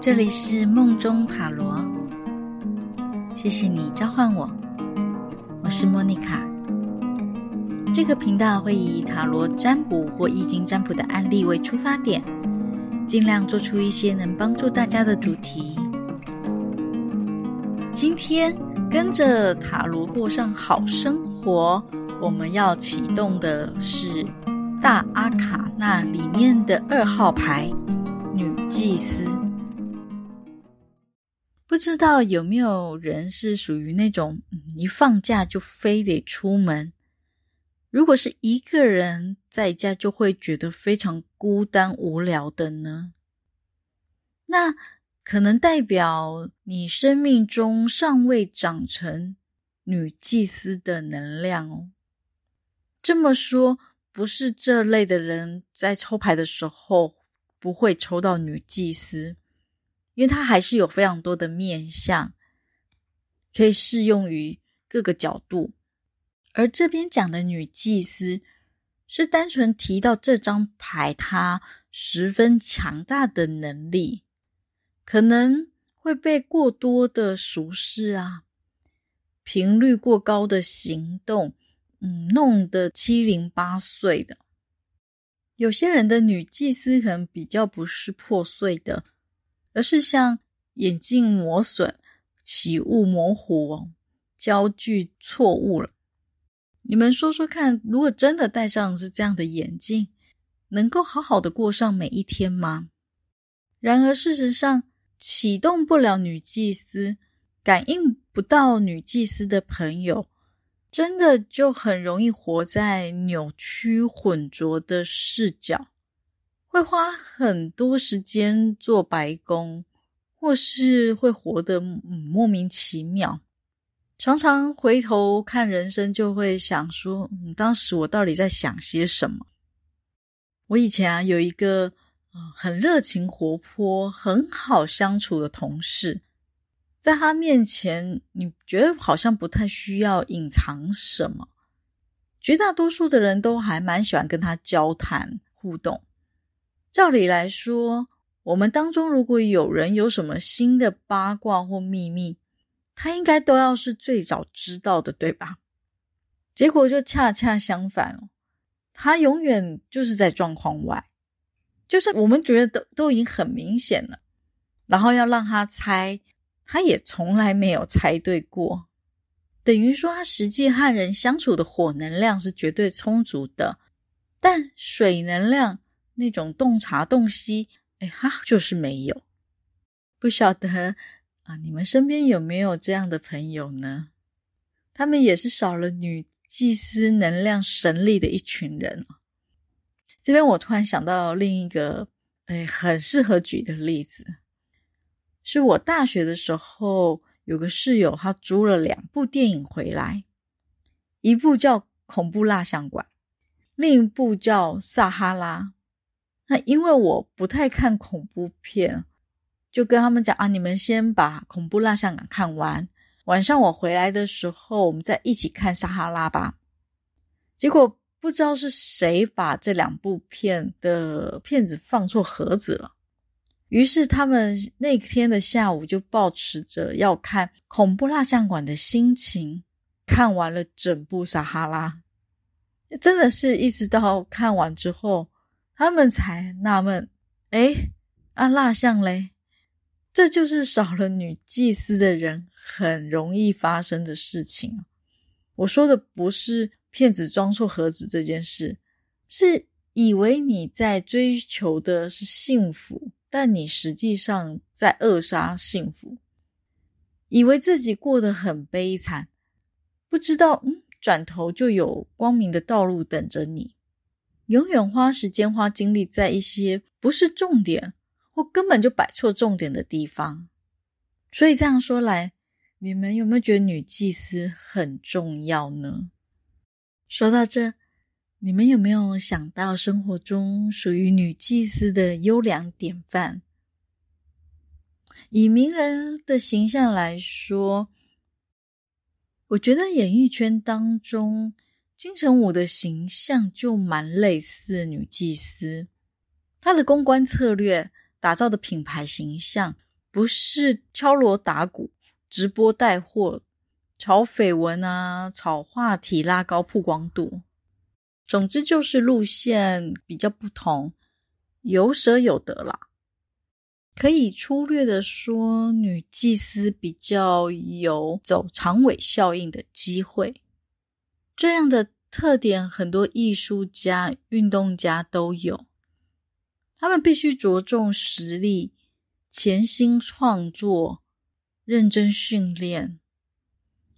這裡是夢中塔羅，謝謝你召喚我，我是莫妮卡。這個頻道會以塔羅占卜或易經占卜的案例為出發點，盡量做出一些能幫助大家的主題。今天跟着塔羅過上好生活，我們要啟動的是大阿卡納裡面的二號牌——女祭司。不知道有沒有人是屬於那種一放假就非得出門，如果是一個人在家，就會覺得非常孤單無聊的呢？那可能代表你生命中尚未長成女祭司的能量哦。這麼說，不是這類的人在抽牌的時候不會抽到女祭司。因為他還是有非常多的面向，可以適用於各個角度。而這邊講的女祭司，是單純提到這張牌，她十分強大的能力，可能會被過多的俗事啊，頻率過高的行動，嗯，弄得七零八碎的。有些人的女祭司可能比較不是破碎的。而是像眼鏡磨損、起霧模糊、焦距錯誤了。你們說說看，如果真的戴上是這樣的眼鏡，能夠好好的過上每一天嗎？然而，事實上，啟動不了女祭司、感應不到女祭司的朋友，真的就很容易活在扭曲、混濁的視角。會花很多時間做白工，或是會活得莫名其妙。常常回頭看人生，就會想說，嗯，當時我到底在想些什麼？我以前啊，有一個，呃，很熱情、活潑、很好相處的同事，在他面前，你覺得好像不太需要隱藏什麼。絕大多數的人都還蠻喜歡跟他交談互動。照理來說，我們當中如果有人有什麼新的八卦或秘密，他應該都要是最早知道的，對吧？結果就恰恰相反哦，他永遠就是在狀況外，就是我們覺得都，都已經很明顯了，然後要讓他猜，他也從來沒有猜對過。等於說，他實際和人相處的火能量是絕對充足的，但水能量。那種洞察洞悉，哎哈，就是沒有，不曉得啊，你們身邊有沒有這樣的朋友呢？他們也是少了女祭司能量神力的一群人。這邊我突然想到另一個，哎，很適合舉的例子，是我大學的時候有個室友，他租了兩部電影回來，一部叫《恐怖蠟像館》，另一部叫《撒哈拉》。那因為我不太看恐怖片，就跟他們講啊，你們先把恐怖蠟像館看完，晚上我回來的時候，我們再一起看撒哈拉吧。結果不知道是誰把這兩部片的片子放錯盒子了，於是他們那天的下午就抱持着要看恐怖蠟像館的心情，看完了整部撒哈拉，真的是一直到看完之後。他們才納悶，誒，啊，蠟像嘞？這就是少了女祭司的人很容易發生的事情。我說的不是騙子裝錯盒子這件事，是以為你在追求的是幸福，但你實際上在扼殺幸福。以為自己過得很悲慘，不知道，嗯，轉頭就有光明的道路等着你。永遠花時間，花精力在一些不是重點，或根本就擺錯重點的地方。所以這樣說來，你們有沒有覺得女祭司很重要呢？說到這，你們有沒有想到生活中屬於女祭司的優良典範？以名人的形象來說，我覺得演藝圈當中。金城武的形象就蠻類似女祭司，他的公關策略打造的品牌形象，不是敲鑼打鼓、直播帶貨、炒緋聞啊、炒話題拉高曝光度。總之就是路線比較不同，有舍有得啦。可以粗略的說，女祭司比較有走長尾效應的機會。這樣的特點，很多藝術家、運動家都有。他們必須着重實力，潛心創作，認真訓練，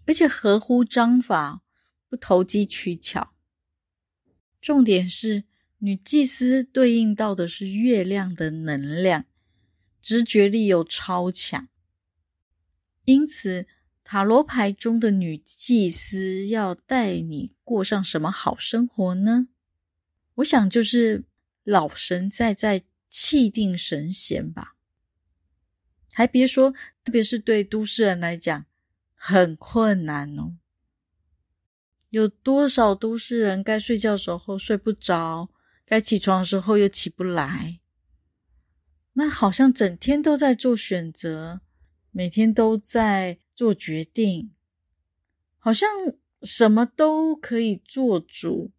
而且合乎章法，不投機取巧。重點是，女祭司對應到的是月亮的能量，直覺力又超強，因此。塔羅牌中的女祭司要帶你過上什麼好生活呢？我想就是老神在在，氣定神閒吧。還別說，特別是對都市人來講，很困難哦。有多少都市人該睡覺的時候睡不着，該起床的時候又起不來？那好像整天都在做選擇，每天都在。做決定，好像什麼都可以做主，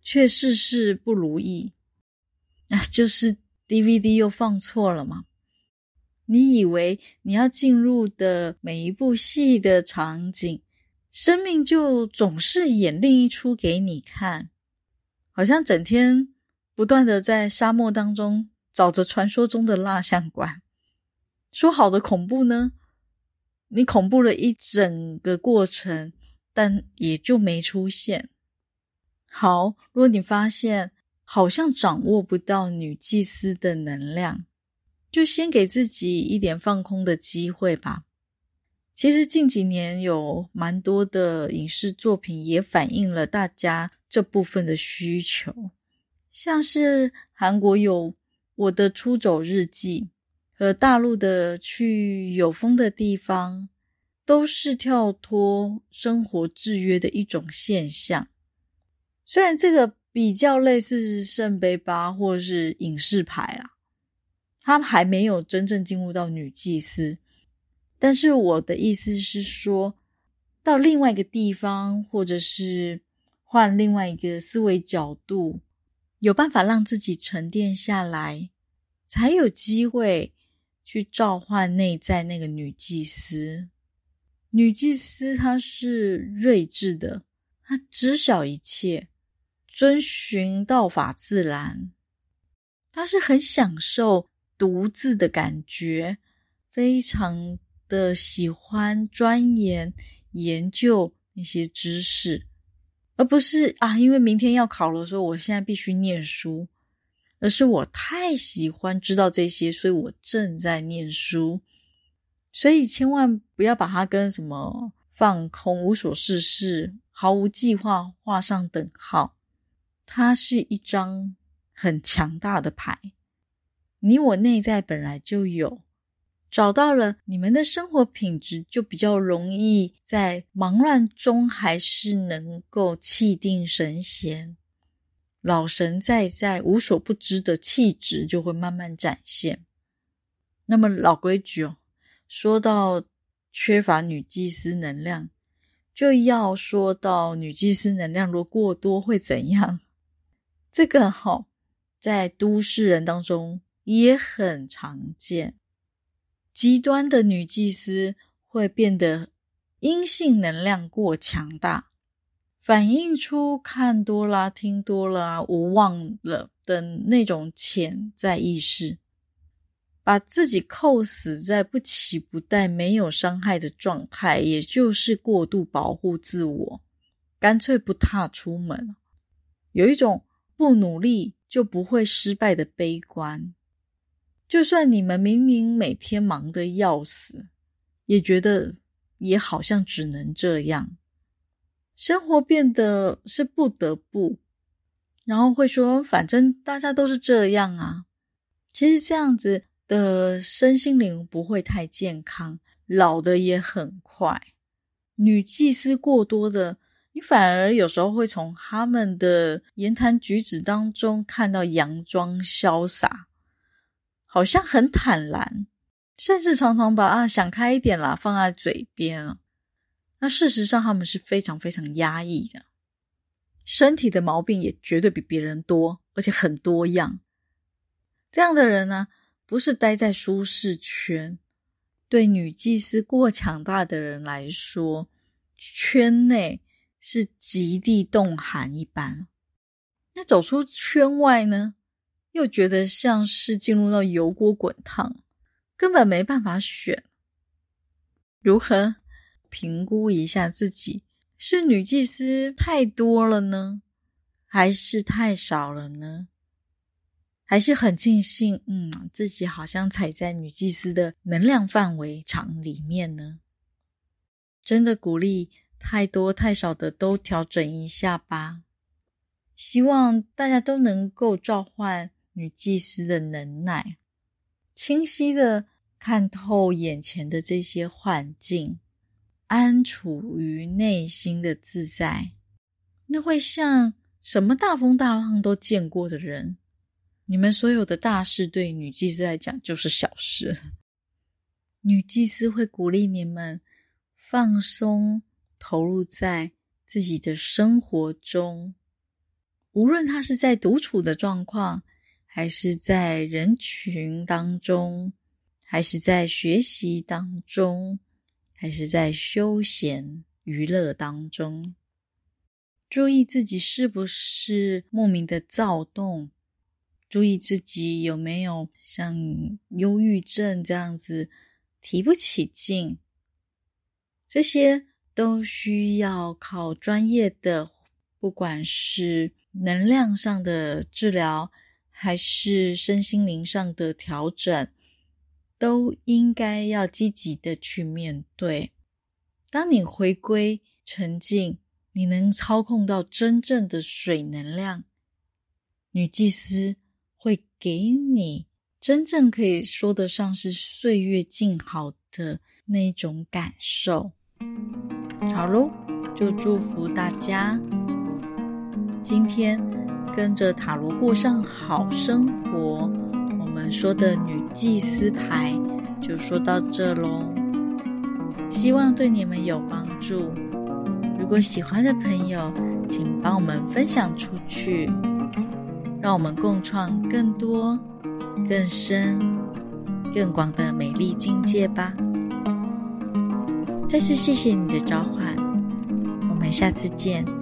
卻事事不如意。那、啊、就是 DVD 又放錯了嘛？你以為你要進入的每一部戲的場景，生命就總是演另一齣給你看？好像整天不斷的在沙漠當中找着傳說中的蠟像館，說好的恐怖呢？你恐怖了一整個過程，但也就沒出現。好，如果你發現好像掌握不到女祭司的能量，就先給自己一點放空的機會吧。其實近幾年有蠻多的影視作品也反映了大家這部分的需求，像是韓國有《我的出走日記》。而大陸的去有風的地方，都是跳脫生活制約的一種現象。雖然這個比較類似聖杯八或者是隱士牌啊，它還沒有真正進入到女祭司。但是我的意思是說，到另外一個地方，或者是換另外一個思維角度，有辦法讓自己沉澱下來，才有機會。去召喚內在那個女祭司。女祭司她是睿智的，她知曉一切，遵循道法自然。她是很享受獨自的感覺，非常的喜歡鑽研研究那些知識，而不是啊，因為明天要考了，所以我現在必須念書。而是我太喜歡知道這些，所以我正在念書，所以千萬不要把它跟什麼放空、無所事事、毫無計劃畫上等號。它是一張很強大的牌，你我內在本來就有，找到了，你們的生活品質就比較容易在忙亂中還是能夠氣定神閒。老神在在無所不知的氣質就會慢慢展現。那麼老規矩哦，說到缺乏女祭司能量，就要說到女祭司能量如果過多會怎樣？這個哈、哦，在都市人當中也很常見。極端的女祭司會變得陰性能量過強大。反映出看多啦，聽多啦，無望了的那種潛在意識，把自己扣死在不起不帶、沒有傷害的狀態，也就是過度保護自我，乾脆不踏出門，有一種不努力就不會失敗的悲觀。就算你們明明每天忙得要死，也覺得也好像只能這樣。生活變得是不得不，然後會說，反正大家都是這樣啊。其實這樣子的身心靈不會太健康，老得也很快。女祭司過多的，你反而有時候會從他們的言談舉止當中看到佯裝瀟灑，好像很坦然，甚至常常把啊想開一點啦放在嘴邊，啊。那事實上，他們是非常非常壓抑的，身體的毛病也絕對比別人多，而且很多樣。這樣的人呢，不是待在舒適圈。對女祭司過強大的人來說，圈內是極地凍寒一般。那走出圈外呢，又覺得像是進入到油鍋滾燙，根本沒辦法選。如何？評估一下自己是女祭司太多了呢，還是太少了呢？還是很慶幸，嗯，自己好像踩在女祭司的能量範圍場裡面呢。真的鼓勵太多太少的都調整一下吧。希望大家都能夠召喚女祭司的能耐，清晰的看透眼前的這些幻境。安處於內心的自在，那會像什麼大風大浪都見過的人。你們所有的大事，對女祭司來講就是小事。女祭司會鼓勵你們放鬆，投入在自己的生活中，無論她是在獨處的狀況，還是在人群當中，還是在學習當中，還是在休閒娛樂當中，注意自己是不是莫名的躁動，注意自己有沒有像憂鬱症這樣子提不起勁，這些都需要靠專業的，不管是能量上的治療，還是身心靈上的調整。都應該要積極的去面對。當你回歸沉靜，你能操控到真正的水能量，女祭司會給你真正可以說得上是歲月靜好的那種感受。好嘍，就祝福大家今天跟着塔羅過上好生活。我們說的女祭司牌就說到這嘍，希望對你們有幫助。如果喜歡的朋友，請幫我們分享出去，讓我們共創更多、更深、更廣的美麗境界吧。再次謝謝你的召喚，我們下次見。